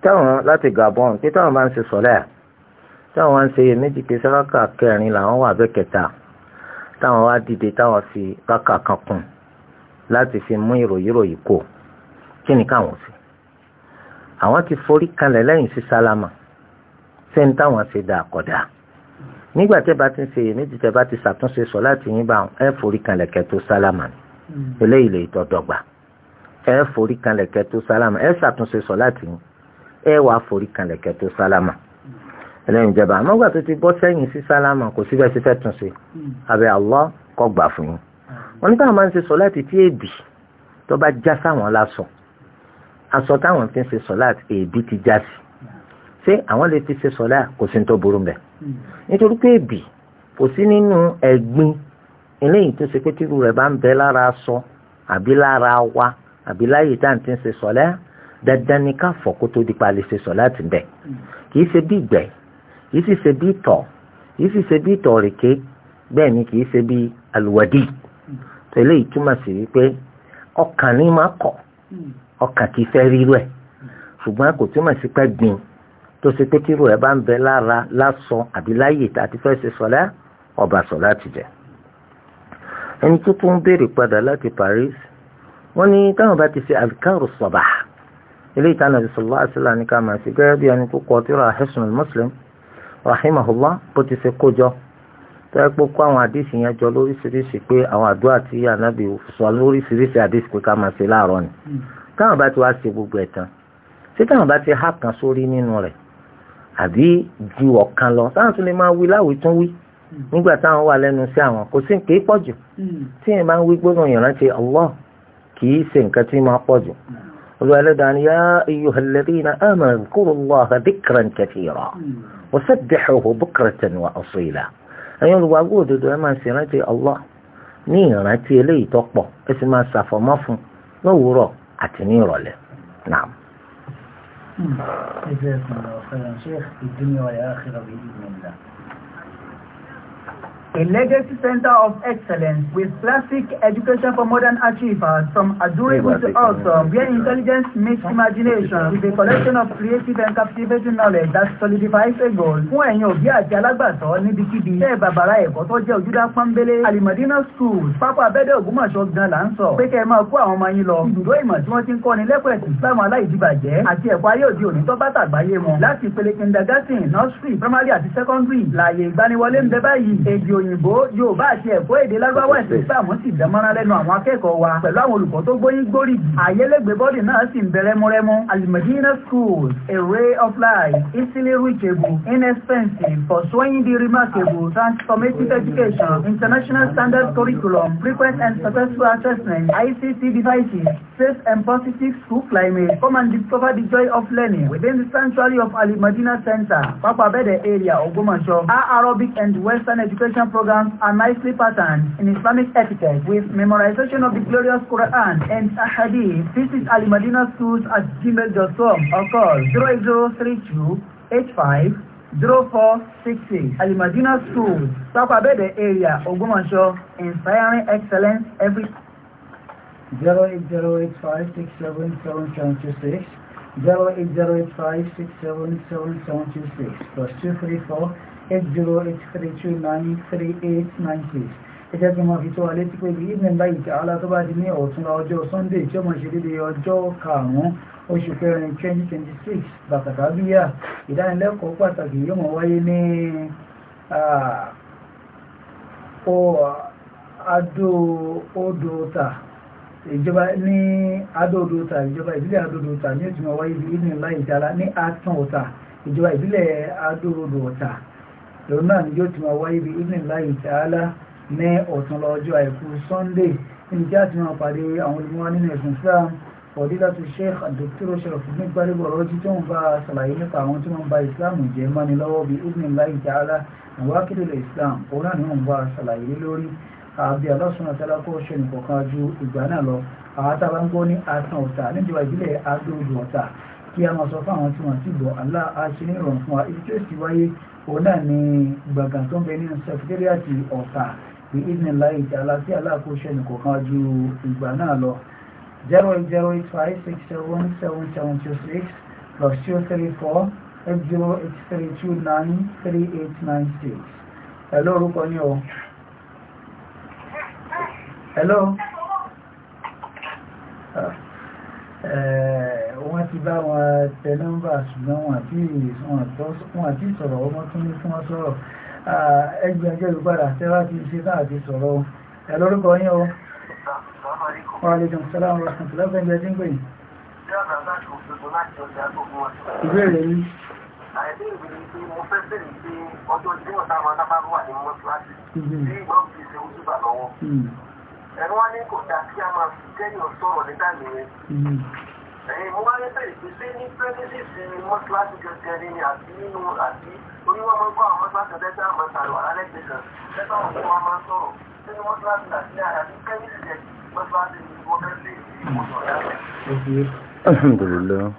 táwọn láti Gabon pé táwọn bá ń ṣe sọ̀lá táwọn wá ń ṣe méjì pé sáráka kẹrin làwọn wà bẹ́ẹ̀ kẹta táwọn wá dìde táwọn fi rákà kan kún láti fi mú ìròyìnròyìn kò kí ni káwọn sí àwọn ti forí kanlẹ̀ lẹ́yìn sí sálámà ṣé ń táwọn ṣe dà kọ̀dà nígbà tẹ́ bá ti ń ṣe méjì tẹ́ bá ti ṣàtúnṣe sọ láti yín bá ẹ forí kanlẹ̀ kẹ́ tó sálámà ni hmm. eléyìí lè tọ́ dọ́gba ẹ forí kanlẹ̀ kẹ́ sálámà ẹ ṣàtúnṣe sọ láti yín ẹ wàá forí kanlẹ̀ kẹ́ sálámà ẹlẹ́yìn ìjọba àmọ́ gbà tó ti bọ́ sẹ́yìn sí sálámà kò síbẹ̀ sí fẹ́ tún sí hmm. abẹ́ Allah kọ́ gbà fún yín hmm. wọn ní káwọn máa ń ṣe sọ láti tí èbì tó bá já sáwọn lásọ aṣọ táwọn fi ń ṣe sọ láti èbì ti já sí ṣé àwọn lè ti ṣe sọ láà kò sí tó burú mbẹ hmm. nítorí pé èbì kò sí nínú ẹ̀gbin eléyìí tó ṣe pé tírú rẹ̀ bá ń bẹ lára aṣọ àbí lára wa àbí láyè tá à ń ti ń ṣe sọ láà dandan ni ká fọ̀ kó tó di pa ṣe sọ láti bẹ̀ kì í ṣe bí ìgbẹ́ kìí sì ṣe bí tọ̀ kìí sì ṣe bí tọ̀ rèké bẹ́ẹ̀ ni kìí ṣe bí àlùwádì tẹ̀lé ìtumọ̀ sí wípé ọkàn ní máa kọ̀ ọkàn kìí fẹ́ rírú ẹ̀ ṣùgbọ́n kò túmọ̀ sí pé gbin tó ṣe pé kírú ẹ̀ bá ń bẹ lára lásọ àbí láyè tá a ti fẹ́ ṣe sọlá ọba sọlá ti jẹ ẹni tó tún béèrè padà láti Paris wọ́n ní táwọn bá ti ṣe àbíkárò sọ̀bà ilé ìtànà ìṣòwò àṣìlá ní ká máa ṣe gẹ́gẹ́ bí ẹni tó kọ tíra Hisnul Muslim rahimahullah bó ti ṣe kójọ tẹ́ pé kó àwọn àdìsí yẹn jọ lóríṣiríṣi pé àwọn àdúrà tí ànábì sọ lóríṣiríṣi àdìsí pé ká máa ṣe láàárọ̀ ni hmm. táwọn bá ti wá ṣe gbogbo ẹ̀ tán táwọn bá ti há kan sórí nínú rẹ̀ àbí ju ọ̀kan lọ táwọn tún lè máa wí láwìí tún wí hmm. nígbà táwọn wà lẹ́nu sí àwọn kò sí kì pọ̀ jù hmm. tí yẹn máa ń wí kì í ṣe nǹkan tí máa pọ̀ jù olùwàlẹ́dàá ni yá wasabbihuhu bukratan wa asila ẹ̀yin olùwàgbọ́ òdodo ẹ máa ṣèrántí Allah ní ìrántí eléyìí tó pọ̀ ẹ sì máa ṣàfọ̀mọ́ fún lówùúrọ̀ àti ní ìrọ̀lẹ́ náà. جزاكم الله خيرا شيخ في الدنيا والآخرة بإذن الله a legacy center of excellence with classic education for modern achievers from adorable to awesome where intelligence meets imagination with a collection of creative and captivating knowledge that solidifies a goal fún ẹ̀yin òbí àti alágbàtọ́ níbikíbi ṣe bàbàrà ẹ̀kọ́ tó jẹ́ ojúdá pọ́nbélé alimadina school pápá abẹ́dẹ̀ ògbómọ̀ṣọ́ gan la ń sọ pé kẹ́ ẹ máa kó àwọn ọmọ yín lọ ibùdó ìmọ̀ tí wọ́n ti ń kọ́ni lẹ́kọ̀ọ́ ẹ̀sìn islam aláìdíbàjẹ́ àti ẹ̀kọ́ ayé òde òní tó bá tàgbáyé mu láti ìpele kindergarten nursery primary àti secondary láàyè ìgbaniwọlé ń bẹ báyìí èdè òyìnbó yorùbá àti ẹ̀kọ́ èdè lágbáwá ẹ̀sìn ìsàmù sì dánmọ́ra lẹ́nu àwọn akẹ́kọ̀ọ́ wa pẹ̀lú àwọn olùkọ́ tó gbóyìn gbórí àyẹlẹ́gbẹ́ bọ́ọ̀dì náà sì ń bẹ rẹ́múrẹ́mú alimadina schools a ray of light easily reachable inexpensive pursuing the remarkable transformative education international standard curriculum frequent and successful assessment ICT devices safe and positive school climate come and discover the joy of learning within the sanctuary of alimadina center papa bede area ogbomoso arabic and western education programs are nicely patterned in Islamic etiquette with memorization of the glorious Quran and Ahadith. Visit Ali Madina schools at gmail.com or call 0032 85 0466 Ali Madina School, Sapa Bede area, Ogbomoso, inspiring excellence every 08085677726 08085677726 plus 234 eight zero eight three two nine three eight nine six ẹ jẹ́ kí n máa fi tó wa létí pé bí ibn láì tí àlá tó bá di ní ọ̀túnla ọjọ́ sunday tí ó máa ṣe dédé ọjọ́ karùn-ún oṣù kẹrin twenty twenty six bàtàkà bíyà ìdánilẹ́kọ̀ọ́ pàtàkì yóò máa wáyé ní adóodòta ìjọba ní adóodòta ìjọba ìbílẹ̀ adóodòta ní ó ti máa wáyé bí ibn láì tí àlá ní atán ọ̀tà ìjọba ìbílẹ̀ adóodòta lòun náà ni yóò ti máa wáyé bí ibn láì tààlà ní ọ̀túnla ọjọ́ àìkú sunday níbi tí a ti máa pàdé àwọn olùmọ́ nínú ẹ̀sìn islam fọ̀dílà tó sheikh dr Sharafuddin Gbadebo ọ̀rọ̀jì tó ń bá a ṣàlàyé nípa àwọn tí wọ́n ń ba islam jẹ́ mọ́ni lọ́wọ́ bí ibn láì tààlà àwákìlẹ̀ islam òun náà ni wọ́n ń bá a ṣàlàyé lórí àbí alásùnà tẹ́lákọ́ ṣe nìkọ̀kan ju ìgbà náà lọ àátàbá ń gbọ́ ní àtàn ọ̀tà níjọba ìbílẹ̀ agbóòdù ọ̀tà kí a máa òun náà ni gbọ̀ngàn tó ń bẹ nínú sẹkítẹ́rìàtì ọ̀tà bí ìdínlá ìjà aláṣẹ aláàkóso ẹnìkọ̀ọ̀kan ju ìgbà náà lọ zero eight zero eight five six seven seven seven two six plus two three four eight zero eight three two nine three eight nine six. hello orúkọ yín o. hello. Uh, uh, ti bá wọn tẹ nọ́mbà ṣùgbọ́n wọn àti ìsọ̀rọ̀ ọmọ tún ní fún wọn sọ̀rọ̀ ẹgbẹ́ tẹ́wà ti ṣe náà ti sọ̀rọ̀ ẹ lórúkọ o wà lè jùm sọ́lá ọmọ ọ̀sán tìlọ́gbẹ̀ ẹgbẹ́ ẹjọ́ ìgbẹ̀yìn ìbéèrè yìí àìsí ìwé ni pé mo fẹ́ bẹ̀rẹ̀ pé ọjọ́ ìdíwọ̀n táwọn alábàárù wà ní mọ́tíláṣí tí hmm. wọ́n fi ṣe oṣù ní kò dá kí a máa fi kẹ́yìn sọ̀rọ̀ nígbà mìíràn ẹ̀yìn mo wá lẹ́tà ìpínlẹ̀ ní pẹ́ẹ́dẹ́sì ní mọ́tíláṣí gẹ̀gẹ̀rẹ́ ni àti nínú àti oníwọ́n máa ń kọ́ àwọn mọ́tíláṣí ẹ̀dẹ́gbẹ́ àmọ́ sàrò àlálẹ́ gbẹ̀gàn lẹ́tà wọn fún wa máa ń sọ̀rọ̀ nínú mọ́tíláṣí àti àti pẹ́ẹ́dẹ́sì mọ́tíláṣí ni wọ́n fẹ́ alhamdulillah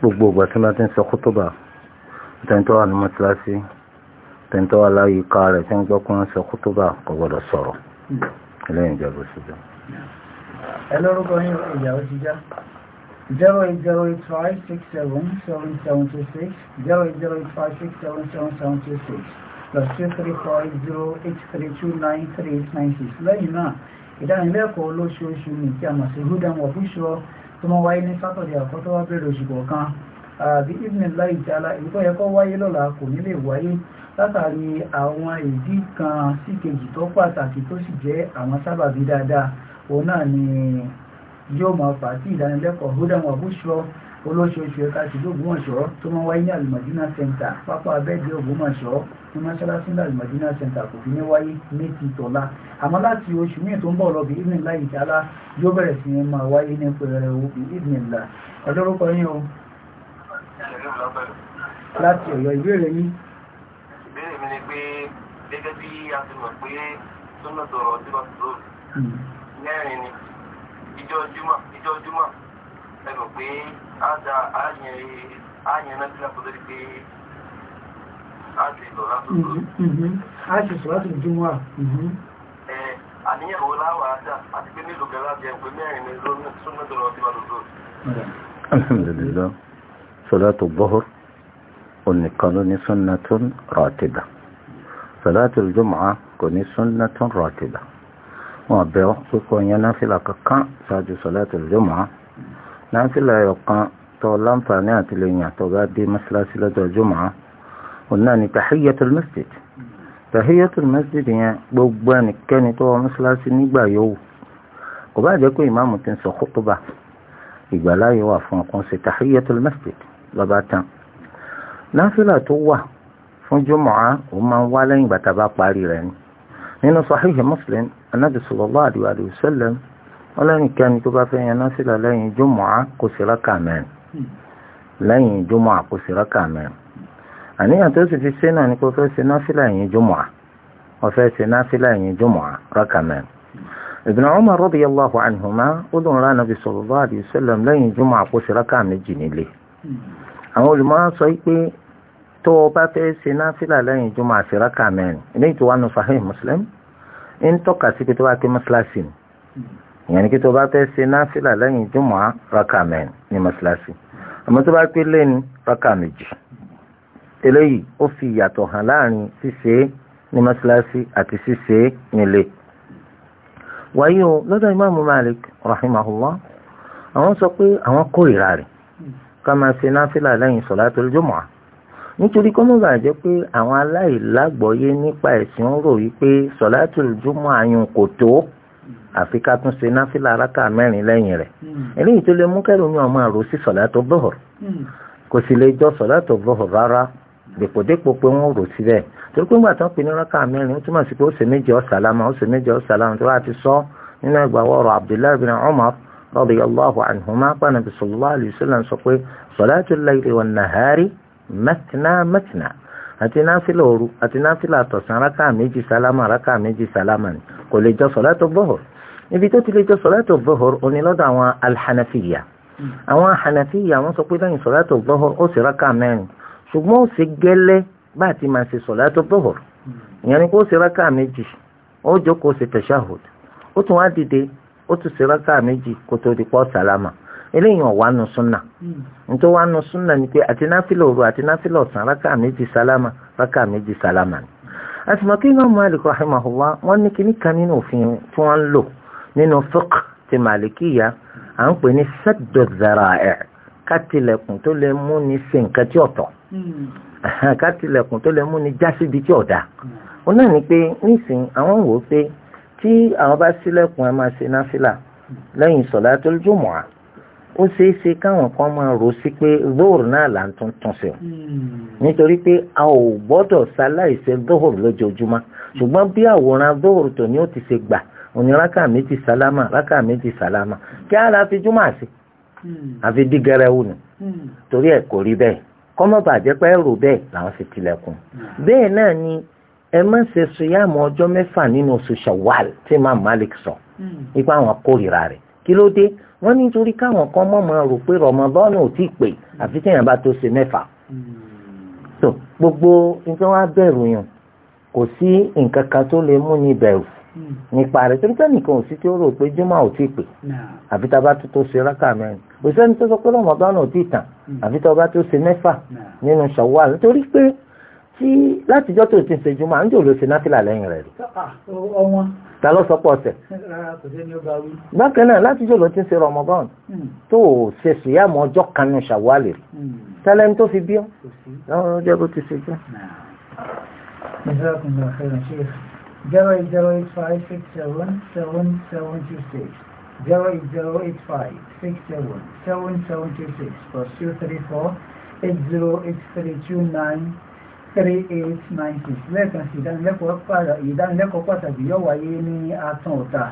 gbogbo ìgbà tí wọ́n ti ń sọ kútùbà tẹ́ntọ́ wà ní mọ́tíláṣí tẹ́ntọ́ wà láyé ká rẹ̀ tẹ́ntọ́ kún ń sọ kútùbà kò gbọ́dọ̀ sọ̀rọ̀ eléyìí jẹ́ bó ẹlọ́rúkọ yín ìyàwó ti já 08085677726 08085677726 plus 23408329386 lẹ́yìn náà ìdánilẹ́kọ̀ọ́ olóṣooṣù ní kí a mọ̀ sí hudan wọ̀fíṣọ́ tó mọ́ wáyé ní sátọ̀dẹ̀ àkọ́tọ́wà bẹ̀rẹ̀ oṣù kọ̀ọ̀kan àbí ibn láì jala ìkọ́ yẹ kọ́ wáyé lọ́la kò ní lè wáyé látàrí àwọn ìdí kan sí kejì tó pàtàkì tó sì jẹ́ àwọn sábàbí dáadáa òun náà ni yóò máa fà á sí ìdánilẹ́kọ̀ọ́ hudan wa bushra olóṣooṣù ẹ̀ka ìṣèlú ògbómọ̀ṣọ́ tó máa wáyé ní alimadina center pápá abẹ́ẹ̀dẹ́ ògbómọ̀ṣọ́ ní mọ́ṣáláṣí ní alimadina center kò fi ní wáyé ní ti tọ̀la àmọ́ láti oṣù míì tó ń bọ̀ lọ bí ibn láyé ìjálá yóò bẹ̀rẹ̀ sí ní máa wáyé ní pẹ̀rẹ̀ owó bí ibn ìlà ọjọ́ ló kọ yín o láti ọ̀yọ́ ìbéèrè yín gẹ́gẹ́ bí a ti mọ̀ pé sọ́nà tọrọ tí wọ́n ti hmm. mẹ́rin ni ìjọ júmọ̀ ìjọ júmọ̀ ẹ mọ̀ pé á da àyàn náà sílẹ̀ kótó di pé á ti sọ láti lò. Hmm. á hmm. ti sọ láti júmọ̀ à. àníyàn wo láwà á dà àti pé mélòó kan láti pé mẹ́rin ni sọ́nà tọrọ tí wọ́n ti lò. alhamdulillah salatu dhuhr onìkan ló ní sunnatun ratiba salatul jumu'ah kò ní sunnatun ratiba wọn bẹ̀ ọ́ pípọ̀ yẹn náfìlà kankan ṣáájú salatul jumu'ah náfìlà ẹ̀yọ̀ kan tó láǹfààní àti lè yàn tó bá dé mọ́ṣáláṣí lọ́jọ́ jumu'ah òun náà ni tahiyatul masjid tahiyatul masjid yẹn gbogbo ẹnikẹ́ni tó wọ mọ́ṣáláṣí nígbà yòówù kò bá jẹ́ pé ìmáàmù ti ń sọ kútúbà ìgbàláyé wà fún ọkùnrin ṣe tahiyatul masjid lọ́ba tán náfìlà tó wà fún jùmọ̀á òun máa ń wá lẹ́yìn ìgbà tá a bá parí rẹ̀ ni nínú sahihi muslim anabi sallallahu alaihi wa sallam wọn lẹ́yìn kẹ́ni tó bá fẹ́ yan nafila lẹ́yìn jùmọ̀á kò sí rákà mẹ́rin lẹ́yìn jùmọ̀á kò sí rákà mẹ́rin àníyàn tó sì fi ṣe náà ni kò fẹ́ ṣe nafila ẹ̀yìn jùmọ̀á wọ́n fẹ́ ṣe nafila ẹ̀yìn jùmọ̀á rákà mẹ́rin Ibn Umar radiyallahu anhuma ó lóun rán anabi sallallahu alaihi wa lẹ́yìn jùmọ̀á kò sí rákà méjì nílé tó o bá fẹ́ ṣe náfìlà lẹ́yìn ìjọmọ̀ àṣíraka mẹ́rin eléyìí tó wà nù Sahih Muslim ń tọ́ka sí pé tó bá pé mọ́ṣáláṣí ni ìyẹn ni pé tó bá fẹ́ ṣe náfìlà lẹ́yìn ìjọmọ̀ raka mẹ́rin ní mọ́ṣáláṣí àmọ́ tó bá pé lẹ́ni raka méjì eléyìí ó fi ìyàtọ̀ hàn láàrin ṣíṣe ní mọ́ṣáláṣí àti ṣíṣe nílé wàyí o lọ́dọ̀ Imam Malik rahimahullah àwọn sọ pé àwọn kórìíra rẹ̀ ká máa ṣe náfìlà lẹ́yìn sọ̀látùl nítorí kó mọ̀ bàjẹ́ pé àwọn aláìlágbọ́yé nípa ẹ̀sìn ń rò wípé sọ̀látùl júmọ̀ àyùn kò tó àfi ká tún ṣe náfìlà aráka mẹ́rin lẹ́yìn rẹ̀ hmm. eléyìí tó lè mú kẹ́lòmí ọmọ àrò sí sọ̀látù bọ́hùr hmm. kò sì lè jọ sọ̀látù bọ́hùr rárá dèpòdépò pé wọ́n rò síbẹ̀ torí pé ńgbà tán pè ní ráka mẹ́rin ó túmọ̀ sí pé ó ṣe méje ọ̀sàlámà ó ṣe méje ọ̀sàlámà tó bá ti sọ nínú ẹgbàáwọ̀ ọ̀rọ̀ Abdullahi bin Umar radiyallahu anhuma pàànàbì mẹ́tìnà mẹ́tìnà àti náfìlà òru àti náfìlà àtọ̀sán rákà méjì sálámà rákà méjì sálámà ni kò lè jọ sọ̀látò bọ́hùr ibi tó ti lè jọ sọ̀látò bọ́hùr òní lọ́dọ̀ àwọn alhanafiya àwọn alhanafiya wọ́n sọ pé lẹ́yìn sọ̀látò bọ́hùr ó sì rákà mẹ́rin ṣùgbọ́n ó sì gẹ́lẹ́ bá a ti máa ṣe sọ̀látò bọ́hùr ìyẹn ni eléyìí ọ̀wá nu súnà nítorí wá nu súnà hmm. ni pé àti náfìlà òru àti náfìlà ọ̀sán rákà méjì sálámà rákà méjì sálámà ni. àtìmọ́ kí Imam Malik rahimahullah wọ́n ní kíní kan nínú òfin tí wọ́n ń lò nínú fiqh ti màlìkíyà à ń pè ní saddu dhara'i' kátìlẹ̀kùn tó lè mú ni ṣe nǹkan tí ọ̀tọ̀ hmm. kátìlẹ̀kùn tó lè mú ni já síbi tí ọ̀dà hmm. òun náà ni pé nísìnyí àwọn wò ó pé tí àwọn bá sílẹ̀kùn ẹ máa ṣe ó ṣeé ṣe káwọn kan máa rò sí pé zohor náà là ń tún tún sí o hmm. nítorí pé a ò gbọ́dọ̀ ṣaláìṣe zohor lójoojúmọ́ ṣùgbọ́n bí àwòrán zohor tó ní ó ti ṣe gbà òní rákà méjì sálámà rákà méjì sálámà kí á la fi júmọ̀ àṣẹ àfi hmm. dígẹrẹ wù nù hmm. torí ẹ̀ kò rí bẹ́ẹ̀ kọ́mọ́bà jẹ́ pé ẹ̀rù bẹ́ẹ̀ làwọn fi tilẹ̀kùn bẹ́ẹ̀ náà ni ẹ má ṣe sùyàmù ọjọ́ mẹ́fà nínú oṣù Shawwal tí Imam Malik sọ nípa àwọn kórìíra rẹ̀ kí ló dé wọ́n nítorí káwọn kan mọ̀ máa rò pé rọmọbọ́ọ̀nù ò tí ì pè àfi téèyàn bá tó ṣe mẹ́fà tó gbogbo nǹkan wá bẹ̀rù yàn kò sí nǹkan kan tó lè mú ní bẹ̀rù nípa rẹ̀ torí pé nìkan ò sí tí ó rò pé jùmọ̀ ò tí ì pè àfi tá a bá tó tó ṣe rákà mẹ́rin kò tó sọ pé rọmọbọ́ọ̀nù ò tí ì tàn hmm. àfi tá a bá tó ṣe mẹ́fà nínú ṣàwọ́ àlọ́ pé tí látijọ́ tó ti ń ṣèjú máa ń jò ló ṣe náfìlà lẹ́yìn rẹ̀ rí. Ah, ta ló sọ pọ̀ ọ̀sẹ̀. bákan náà látijọ́ ló ti ń ṣe rọmọbọ́n hmm. tó ṣe sùyàmù ọjọ́ kanu ṣàwálì rí hmm. tẹ́lẹ̀mí tó fi bí ọ́ lọ́wọ́ ọjọ́ bó ti ṣe jẹ́. zero eight zero eight five six seven seven seven two six plus two three four eight zero eight three two nine. 3896 lẹ́ẹ̀kan sí ìdánilẹ́kọ̀ọ́ pàtàkì yóò wáyé ní atún ọ̀tà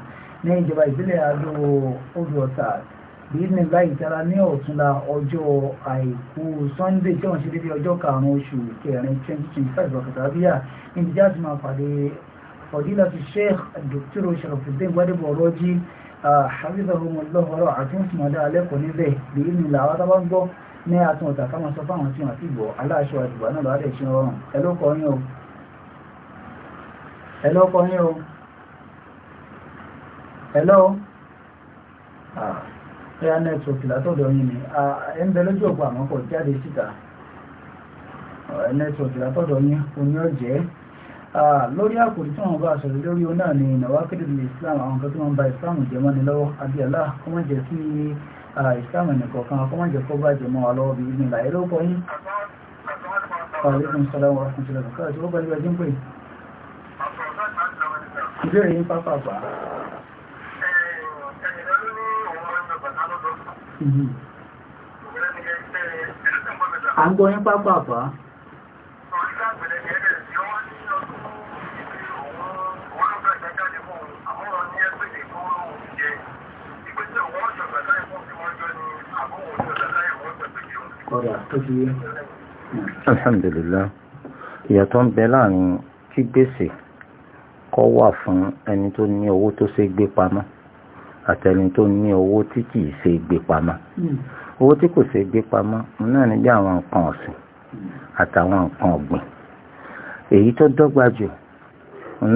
ní ìjọba ìbílẹ̀ àdó odò ọ̀tà bíní láì tara ní ọ̀túnla ọjọ́ àìkú sunday tí wọ́n ṣe dédé ọjọ́ karùn-ún oṣù kẹrin 2025 ọ̀kàtàbíyà níbi jáde máa pàdé fadilatu sheikh dr sharafuddin gbadebo ọlọ́jì àhàbíbẹ̀ ọmọ ọlọ́wọ́rọ̀ àti ìsìnmọ̀dá alẹ́kọ̀ọ́ níbẹ̀ bíní làwọn tábà ń gbọ́ ní atún ọ̀tà ká máa sọ fáwọn tí wọ́n ti gbọ́ aláṣọ àdìgbà náà lọ́wọ́ àdìsí ọrùn ẹ ló kọ yín o ẹ ló kọ yín o ẹ lọ́ ẹ̀yà nẹ́tíwọ̀kì látọ̀dọ̀ yín ni ẹ̀ ń bẹ lójú òpó àmọ́ kò jáde síta nẹ́tíwọ̀kì látọ̀dọ̀ yín oní ọ̀jẹ́ lórí àkòrí tí wọ́n bá sọ̀rọ̀ lórí o náà ni ìnáwó akéde Islam àwọn kan tí wọ́n ba Islam jẹ́ mọ́ni lọ́wọ́ abiyalá kọ́mọ̀jẹ́ sí ìsìláàmù nìkan kan kọ́ mọ́jẹ̀ kó bàjẹ́ mọ́ wa lọ́wọ́ bí ibi ìlà ẹ̀rọ pọ̀ yín alaikum salaam wa rahmatullahi wa barakatuh ó gbàgbé ọjọ́ ń pè ìbéèrè alhamdulillah ìyàtọ̀ ń bẹ láàrin kí gbèsè kọ́ wà fún ẹni tó ní owó tó ṣe gbé pamọ́ àtẹni tó ní owó tí kì í ṣe gbé pamọ́ hmm. owó tí kò ṣe gbé pamọ́ náà ní bí àwọn nǹkan ọ̀sìn àtàwọn nǹkan ọ̀gbìn èyí tó dọ́gba jù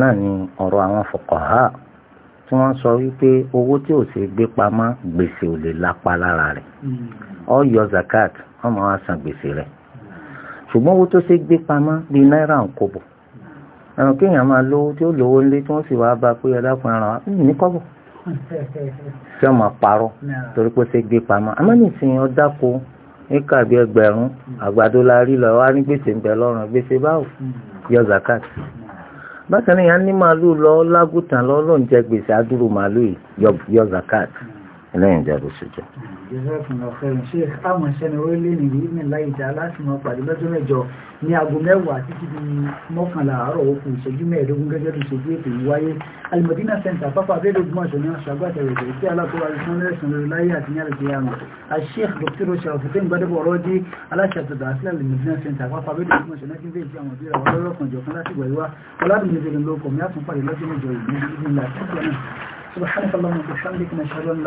náà ni ọ̀rọ̀ àwọn fuqaha tí wọ́n sọ wípé owó tí ò ṣe gbé pamọ́ gbèsè ò lè lápá lára rẹ̀ ó yọ zakat ọmọ wa san gbèsè rẹ̀ ṣùgbọ́n owó tó ṣe gbé pamọ́ bíi náírà ń kọ́bọ̀ ẹ̀rùn kéèyàn máa lówó tí ó lówó ńlé tí wọ́n sì wá bá pé ẹ̀dá fún ẹran ní kọ́bọ̀ ṣé ọmọ parọ́ torí pé ó ṣe gbé pamọ́ àmọ́ nìsín ọdá ko níkà bíi ẹgbẹ̀rún àgbàdo la rí lọ wá ní gbèsè ń bẹ lọ́rùn gbèsè báwo mm. yọ zakat bákan náà yẹn á ní màálù lọ lágùtàn lọ ló ń jẹ gbèsè àdúró màálù yọ zakat ẹlẹ́yìn ìjábọ̀ ṣojú. àmọ̀ ìṣẹ́ni orílẹ̀ èdè yìí ní láyé ìjà láti mọ pàdé lọ́jọ́ mẹ́jọ ní aago mẹ́wàá títí di mọ́kànlá àárọ̀ òkú ìṣẹ́jú mẹ́ẹ̀ẹ́dógún gẹ́gẹ́ bí ìṣẹ́jú ètò yìí wáyé alimọ̀dínà center pápá abẹ́rẹ́ ògbómọ̀ṣọ́ ní aṣàgbàtẹ̀rẹ̀ ìṣẹ́ tí alákòwà ìṣúnlẹ̀ṣùn lórí láyé àti ní àlejò yàrá àṣeyẹ̀kì dr ṣàfùtẹ́n gbadébọ̀ ọlọ́dí aláṣẹ àtọ̀dọ̀ àṣìlẹ̀ alimọ̀dínà center pápá abẹ́rẹ́ ògbómọ̀ṣọ́ ní kíndé ìṣẹ́ àwọn òbíra wọn lọ́rọ̀kan jọ̀kan láti gbẹ̀yìwá ọlọ́dún subhanaka allahumma wa bihamdika nashhadu an la